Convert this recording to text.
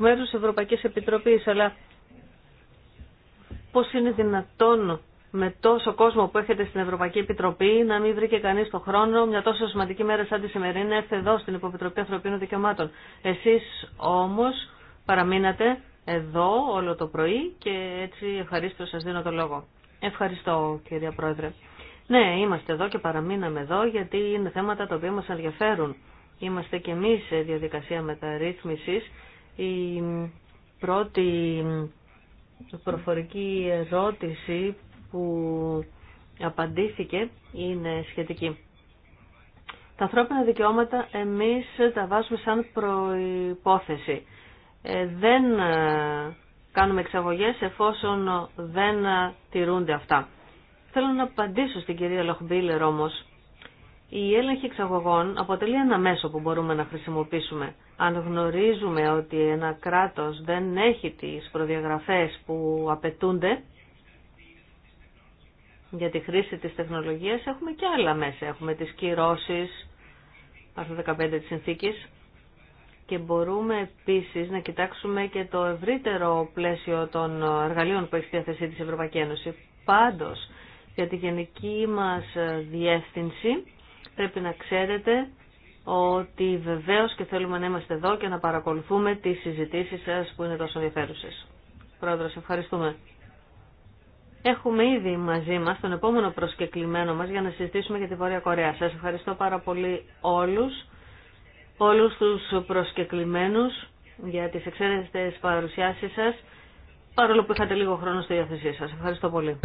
εκ μέρου τη Ευρωπαϊκής Επιτροπής, αλλά πώ είναι δυνατόν με τόσο κόσμο που έχετε στην Ευρωπαϊκή Επιτροπή να μην βρήκε κανεί το χρόνο μια τόσο σημαντική μέρα σαν τη σημερινή να έρθει εδώ στην Υποπιτροπή Ανθρωπίνων Δικαιωμάτων. Εσεί όμω παραμείνατε εδώ όλο το πρωί και έτσι ευχαρίστω σα δίνω το λόγο. Ευχαριστώ κυρία Πρόεδρε. Ναι, είμαστε εδώ και παραμείναμε εδώ γιατί είναι θέματα τα οποία μα ενδιαφέρουν. Είμαστε και εμεί σε διαδικασία μεταρρύθμιση η πρώτη προφορική ερώτηση που απαντήθηκε είναι σχετική. Τα ανθρώπινα δικαιώματα εμείς τα βάζουμε σαν προϋπόθεση. Ε, δεν ε, κάνουμε εξαγωγές εφόσον δεν τηρούνται αυτά. Θέλω να απαντήσω στην κυρία Λοχμπίλερ όμως. Η έλεγχη εξαγωγών αποτελεί ένα μέσο που μπορούμε να χρησιμοποιήσουμε. Αν γνωρίζουμε ότι ένα κράτος δεν έχει τις προδιαγραφές που απαιτούνται για τη χρήση της τεχνολογίας, έχουμε και άλλα μέσα. Έχουμε τις κυρώσεις, άρθρο 15 της συνθήκης, και μπορούμε επίσης να κοιτάξουμε και το ευρύτερο πλαίσιο των εργαλείων που έχει διαθεσή της Ευρωπαϊκή Ένωση. Πάντως, για τη γενική μας διεύθυνση, πρέπει να ξέρετε ότι βεβαίως και θέλουμε να είμαστε εδώ και να παρακολουθούμε τις συζητήσεις σας που είναι τόσο ενδιαφέρουσες. Πρόεδρος, ευχαριστούμε. Έχουμε ήδη μαζί μας τον επόμενο προσκεκλημένο μας για να συζητήσουμε για τη Βόρεια Κορέα. Σας ευχαριστώ πάρα πολύ όλους, όλους τους προσκεκλημένους για τις εξαίρετες παρουσιάσεις σας, παρόλο που είχατε λίγο χρόνο στη διάθεσή σας. Ευχαριστώ πολύ.